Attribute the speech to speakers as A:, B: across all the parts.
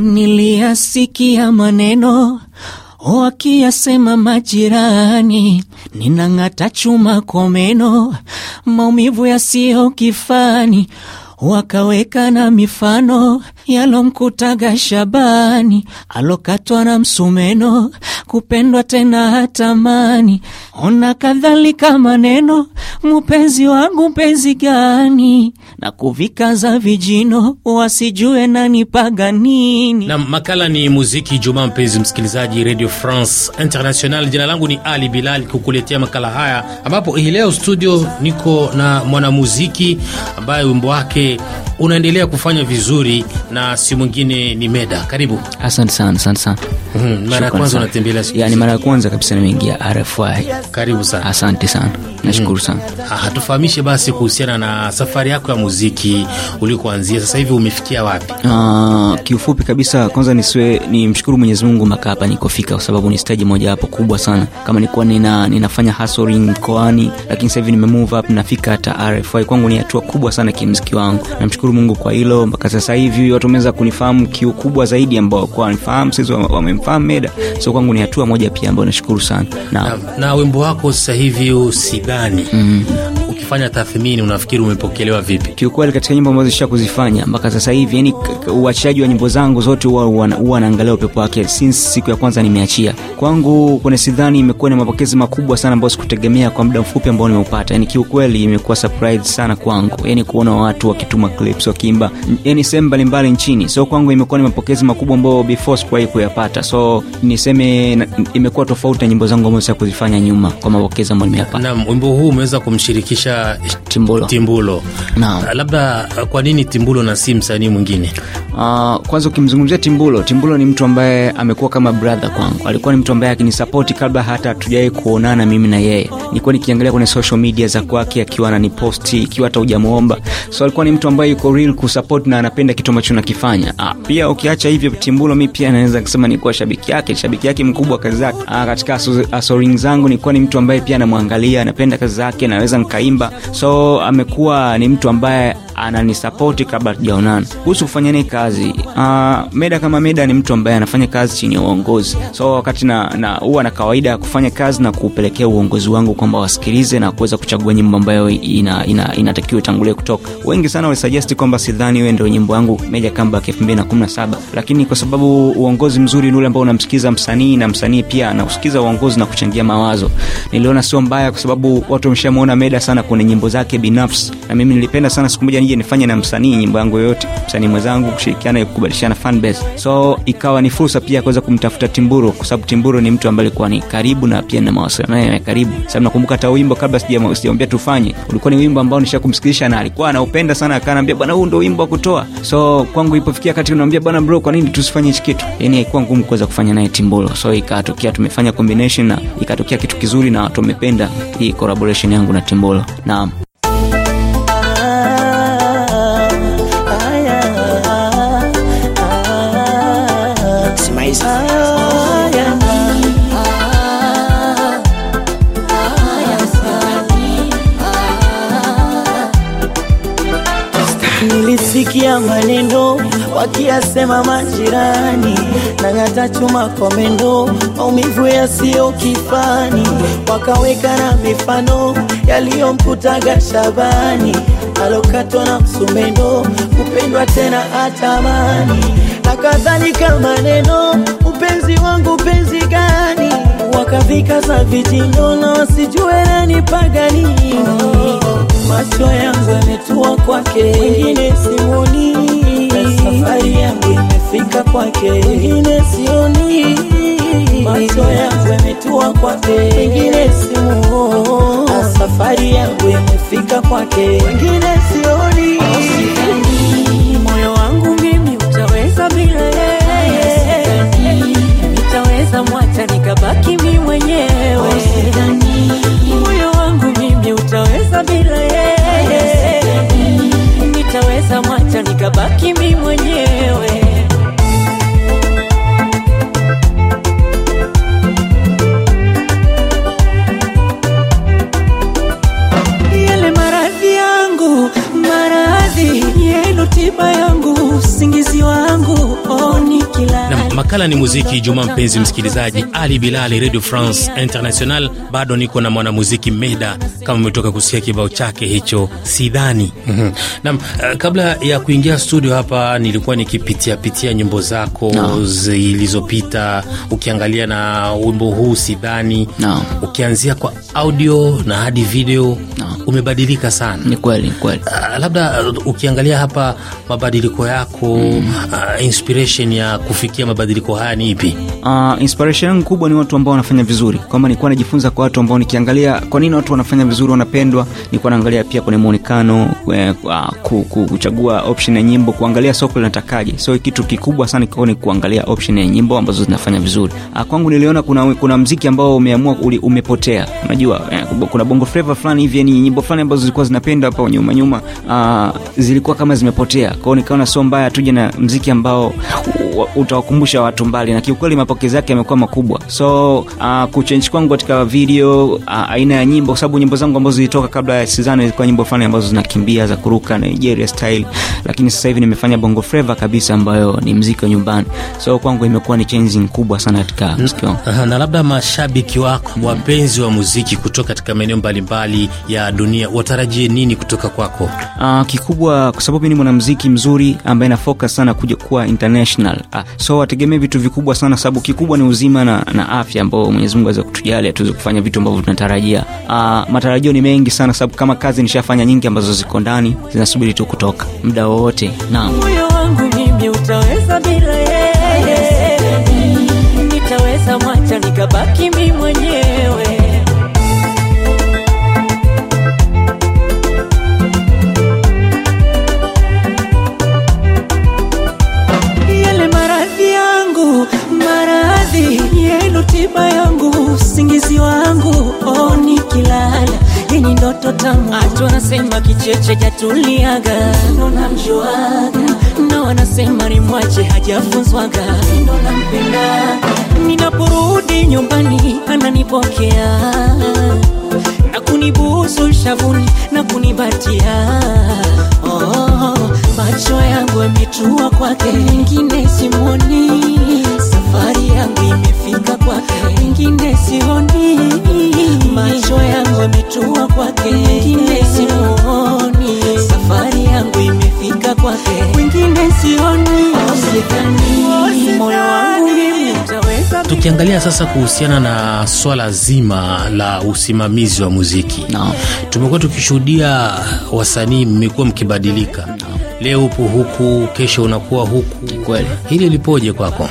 A: Niliyasikia maneno wakiyasema majirani, ninang'ata chuma kwa meno, maumivu yasiyo kifani, wakaweka na mifano yalomkutaga Shabani alokatwa na msumeno, kupendwa tena hatamani, ona kadhalika maneno, mupenzi wangu mpenzi gani, na kuvikaza vijino, wasijue nani paga nini.
B: Na makala ni muziki Jumaa, mpenzi msikilizaji Radio France International, jina langu ni Ali Bilal kukuletea makala haya, ambapo hii leo studio niko na mwanamuziki ambaye wimbo wake unaendelea kufanya vizuri na na si mwingine ni Meda. Karibu. Asante sana, asante sana. Mm, mara ya kwanza
C: unatembelea siku. Yaani mara ya kwanza kabisa nimeingia RFI. Karibu sana. Asante sana. Mhm. Nashukuru mm, sana.
B: Ah, tufahamishe basi kuhusiana na safari yako ya muziki ulikoanzia. Sasa hivi umefikia wapi?
C: Ah, kiufupi kabisa kwanza niswe mshukuru Mwenyezi Mungu mpaka hapa nikofika kwa sababu ni stage moja hapo kubwa sana. Kama nilikuwa nina ninafanya hustling mkoani, lakini sasa hivi nime move up nafika hata RFI. Kwangu ni hatua kubwa sana kimziki wangu. Namshukuru Mungu kwa hilo mpaka sasa hivi watu wameweza kunifahamu kiu kubwa zaidi ambao kwa wanifahamu saizi wamemfahamu meda so kwangu ni hatua moja pia ambayo nashukuru sana na, na,
B: na wimbo wako sasa hivi mm-hmm ukifanya tathmini unafikiri
C: umepokelewa vipi? Kiukweli katika nyimbo ambazo zisha kuzifanya mpaka sasa hivi, yani uachaji wa nyimbo zangu zote huwa naangalia upepo wake. Since siku ya kwanza nimeachia kwangu kuna sidhani, imekuwa na mapokezi makubwa sana ambayo sikutegemea kwa muda mfupi ambao nimeupata. Yani kiukweli imekuwa surprise sana kwangu, yani kuona watu wakituma clips wakiimba, yani sehemu mbalimbali nchini. So kwangu imekuwa ni mapokezi makubwa ambayo before sikuwahi kuyapata. So niseme imekuwa tofauti na nyimbo zangu ambazo
B: sikuzifanya nyuma kwa mapokezi ambayo nimeyapata. Naam, wimbo huu umeweza kumshirikisha kumaanisha Timbulo, Timbulo. Naam. Ah, labda ah, kwa nini Timbulo na si msanii mwingine? Uh, kwanza ukimzungumzia
C: Timbulo, Timbulo ni mtu ambaye amekuwa kama brother kwangu. Alikuwa ni mtu ambaye akinisapoti kabla hata hatujawahi kuonana mimi na yeye. Nilikuwa nikiangalia kwenye social media za kwake akiwa ananiposti ikiwa hata hujamuomba. So alikuwa ni mtu ambaye yuko real kusupport na anapenda kitu ambacho nakifanya. Ah, pia ukiacha hivyo Timbulo mimi pia naweza kusema nilikuwa shabiki yake, shabiki yake mkubwa kazi zake. Ah, katika asoring zangu nilikuwa ni mtu ambaye pia anamwangalia, anapenda kazi zake, naweza nikaimba Simba, so amekuwa ni mtu ambaye ananisapoti kabla tujaonana. Kuhusu kufanya naye kazi, uh, Meda kama Meda ni mtu ambaye anafanya kazi chini ya uongozi, so wakati na, na huwa na kawaida ya kufanya kazi na kupelekea uongozi wangu kwamba wasikilize na kuweza kuchagua nyimbo ambayo inatakiwa ina, ina, itangulie kutoka. Wengi sana walisuggest kwamba sidhani iwe ndio nyimbo yangu Meja Comeback 2017, lakini kwa sababu uongozi mzuri ni ule ambao unamsikiza msanii na msanii pia anausikiza uongozi na kuchangia mawazo, niliona sio mbaya, kwa sababu watu wameshamwona Meda sana kuna nyimbo zake binafsi, na mimi nilipenda sana siku moja nije nifanye na msanii nyimbo yangu yoyote, msanii mwenzangu, kushirikiana kukubadilishana fan base. So ikawa ni fursa pia kuweza kumtafuta Timburo, kwa sababu Timburo ni mtu ambaye alikuwa ni karibu na pia na mawasiliano naye karibu. Sababu nakumbuka hata wimbo kabla sijamwambia tufanye, ulikuwa ni wimbo ambao nishakumsikilizisha na alikuwa anaupenda sana, akaniambia bwana, huu ndio wimbo wa kutoa. So kwangu ipofikia kati namwambia bwana, bro, kwa nini tusifanye hichi kitu? Yani haikuwa ngumu kuweza kufanya naye Timburo. So ikatokea tumefanya combination na ikatokea kitu kizuri, na watu wamependa hii collaboration yangu na Timburo. Naam.
A: kusikia maneno wakiyasema majirani, na chuma komendo, maumivu yasiyo kifani, wakaweka na mifano yaliyomputaga Shabani alokatwa na msumendo, kupendwa tena atamani, na kadhalika maneno, upenzi wangu penzi gani Vikaza vijinywa na wasijue nanipaga nini. Macho yangu yametua kwake, wengine simuoni. Safari yangu imefika kwake, wengine sioni. Macho yangu yametua kwake, wengine simuoni. Safari yangu imefika kwake, wengine sioni.
B: makala ni muziki juma. Mpenzi msikilizaji, Ali Bilali, Radio France International. Bado niko na mwanamuziki Meda, kama umetoka kusikia kibao chake hicho, sidhani mhm. nam. Uh, eh, kabla ya kuingia studio hapa nilikuwa nikipitiapitia nyimbo zako no. zilizopita, ukiangalia na wimbo huu sidhani no. ukianzia kwa audio na hadi video no. umebadilika sana. Ni kweli, ni kweli. Uh, labda uh, ukiangalia hapa mabadiliko yako mm. uh, inspiration ya kufikia mabadiliko kuhani ipi? Uh,
C: inspiration yangu kubwa ni watu ambao wanafanya vizuri, kwamba nilikuwa najifunza kwa watu ambao nikiangalia kwa nini watu wanafanya vizuri, wanapendwa. Nilikuwa naangalia pia kwenye muonekano, kuchagua option ya nyimbo, kuangalia soko linatakaje. So kitu kikubwa sana kiko ni kuangalia option ya nyimbo ambazo zinafanya vizuri. Uh, kwangu niliona kuna, kuna mziki ambao umeamua umepotea. Unajua uh, kuna bongo flavor fulani hivi, ni nyimbo fulani ambazo zilikuwa zinapenda hapa nyuma nyuma, uh, zilikuwa kama zimepotea. kwao nikaona sio mbaya tuje na mziki ambao utawakumbusha watu mbali, na kiukweli mapokezi yake yamekuwa makubwa. So uh, kuchange kwangu katika video uh, aina ya nyimbo, kwa sababu nyimbo zangu ambazo zilitoka kabla ya Sizana zilikuwa nyimbo fulani ambazo zinakimbia za kuruka Nigeria style, lakini sasa hivi nimefanya bongo freva kabisa, ambayo ni mziki wa nyumbani. So kwangu imekuwa ni changing kubwa sana katika mziki wangu.
B: na labda mashabiki wako mm, wapenzi wa muziki kutoka katika maeneo mbalimbali ya dunia watarajie nini kutoka kwako?
C: Uh, kikubwa kwa sababu ni mwanamziki mzuri ambaye na sana kuja kuwa international Ah, so wategemee vitu vikubwa sana, sababu kikubwa ni uzima na, na afya ambao mwenyezimungu aweza kutujali atuweze kufanya vitu ambavyo tunatarajia. Ah, matarajio ni mengi sana, sababu kama kazi nishafanya nyingi ambazo ziko ndani zinasubiri tu kutoka muda wowote. Naam,
A: wangu mimi utaweza bila yeye, nitaweza mwacha nikabaki mwenyewe tiba yangu usingizi wangu oh, kilala yenye ndoto tamu. Watu wanasema kicheche jatuliaga, ndo namjuaga, na wanasema ni mwache hajafunzwaga, ndo nampendaga. Ninaporudi nyumbani ananipokea na kunibusu shavuni na kunibatia oh, macho yangu yametua kwake, mengine simwoni safari yangu imefika kwake, ingine sioni, macho yangu yametua kwake, ingine sioni safari yangu imefika kwake, kwingine sioni, usidhani moyo wangu mimi utaweza.
B: Tukiangalia sasa kuhusiana na swala zima la usimamizi wa muziki no. tumekuwa tukishuhudia wasanii mmekuwa mkibadilika no. leo upo huku, kesho unakuwa huku, kweli hili lipoje kwako?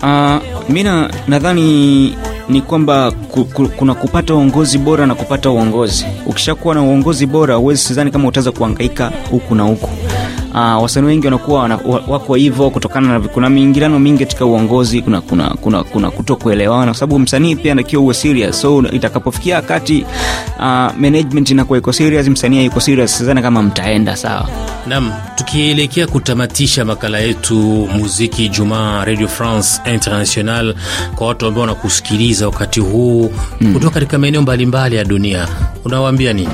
B: Uh, ah, mi nadhani ni kwamba ku, ku, kuna
C: kupata uongozi bora na kupata uongozi. Ukishakuwa na uongozi bora, huwezi sidhani kama utaweza kuangaika huku na huku uh, wasanii wengi wanakuwa wako hivyo kutokana na kuna miingiliano mingi katika uongozi kuna kuna kuna, kuna kutokuelewana kwa sababu msanii pia anakiwa uwe serious so itakapofikia wakati uh, management inakuwa iko serious msanii yuko serious sidhani kama mtaenda sawa
B: nam tukielekea kutamatisha makala yetu muziki jumaa radio france international kwa watu ambao wanakusikiliza wakati huu mm. kutoka katika maeneo mbalimbali ya dunia unawaambia nini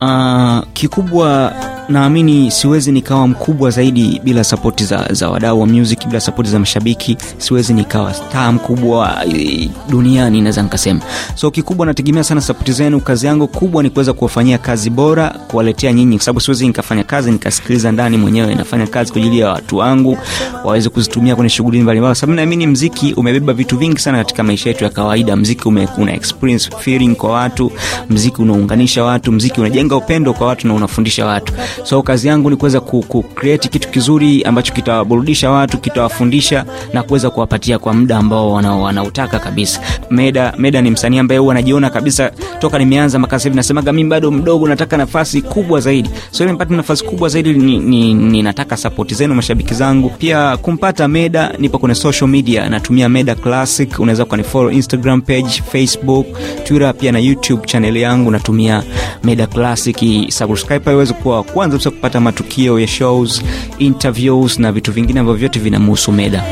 B: uh, kikubwa
C: naamini siwezi nikawa mkubwa zaidi bila sapoti za, za wadau wa music bila sapoti za mashabiki siwezi nikawa staa mkubwa eh, duniani naweza nikasema so kikubwa nategemea sana sapoti zenu kazi yangu kubwa ni kuweza kuwafanyia kazi bora kuwaletea nyinyi kwa sababu siwezi nikafanya kazi nikasikiliza ndani mwenyewe nafanya kazi kwa ajili ya watu wangu waweze kuzitumia kwenye shughuli mbalimbali sababu naamini mziki umebeba vitu vingi sana katika maisha yetu ya kawaida mziki ume, una experience feeling kwa watu mziki unaunganisha watu mziki unajenga upendo kwa watu na unafundisha watu so kazi yangu ni kuweza kucreate kitu kizuri ambacho kitawaburudisha watu kitawafundisha na kuweza kuwapatia kwa muda ambao wanautaka wana kabisa meda meda ni msanii ambaye huwa anajiona kabisa toka nimeanza mpaka sasa nasemaga mimi bado mdogo nataka nafasi kubwa zaidi so ili nipate nafasi kubwa zaidi ninataka ni, ni, ni sapoti zenu mashabiki zangu pia kumpata meda nipo kwenye social media natumia meda classic unaweza ukanifollow instagram page facebook twitter pia na youtube chaneli yangu natumia Meda Classic. Subscribe uweze kuwa kwanza bisa kupata matukio ya shows, interviews na vitu vingine ambavyo vyote vinamhusu Meda.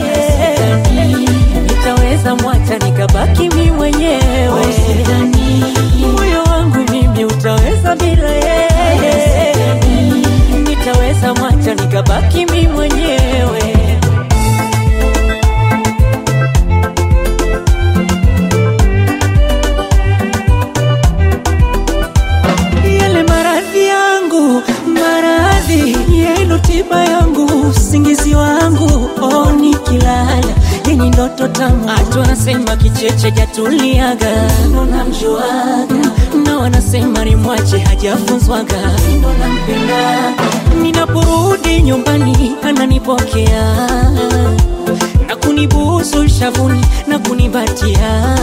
A: Nitaweza mwacha nikabaki mimi mwenyewe hajatuliaga, unamjuaga na wanasema ni mwache hajafunzwaga, ndo nampendaga. Ninaporudi nyumbani ananipokea na kunibusu shavuni na kunibatia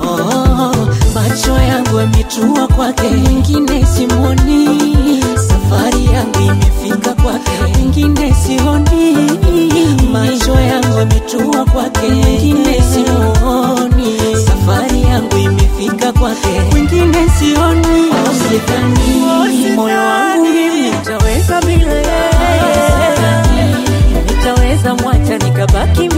A: oh, macho yangu yametua kwake, mengine simoni, safari yangu imefika kwake, mengine sioni, macho yangu yametua kwake, mengine sioni, moyo wangu mimi nitaweza mwacha nikabaki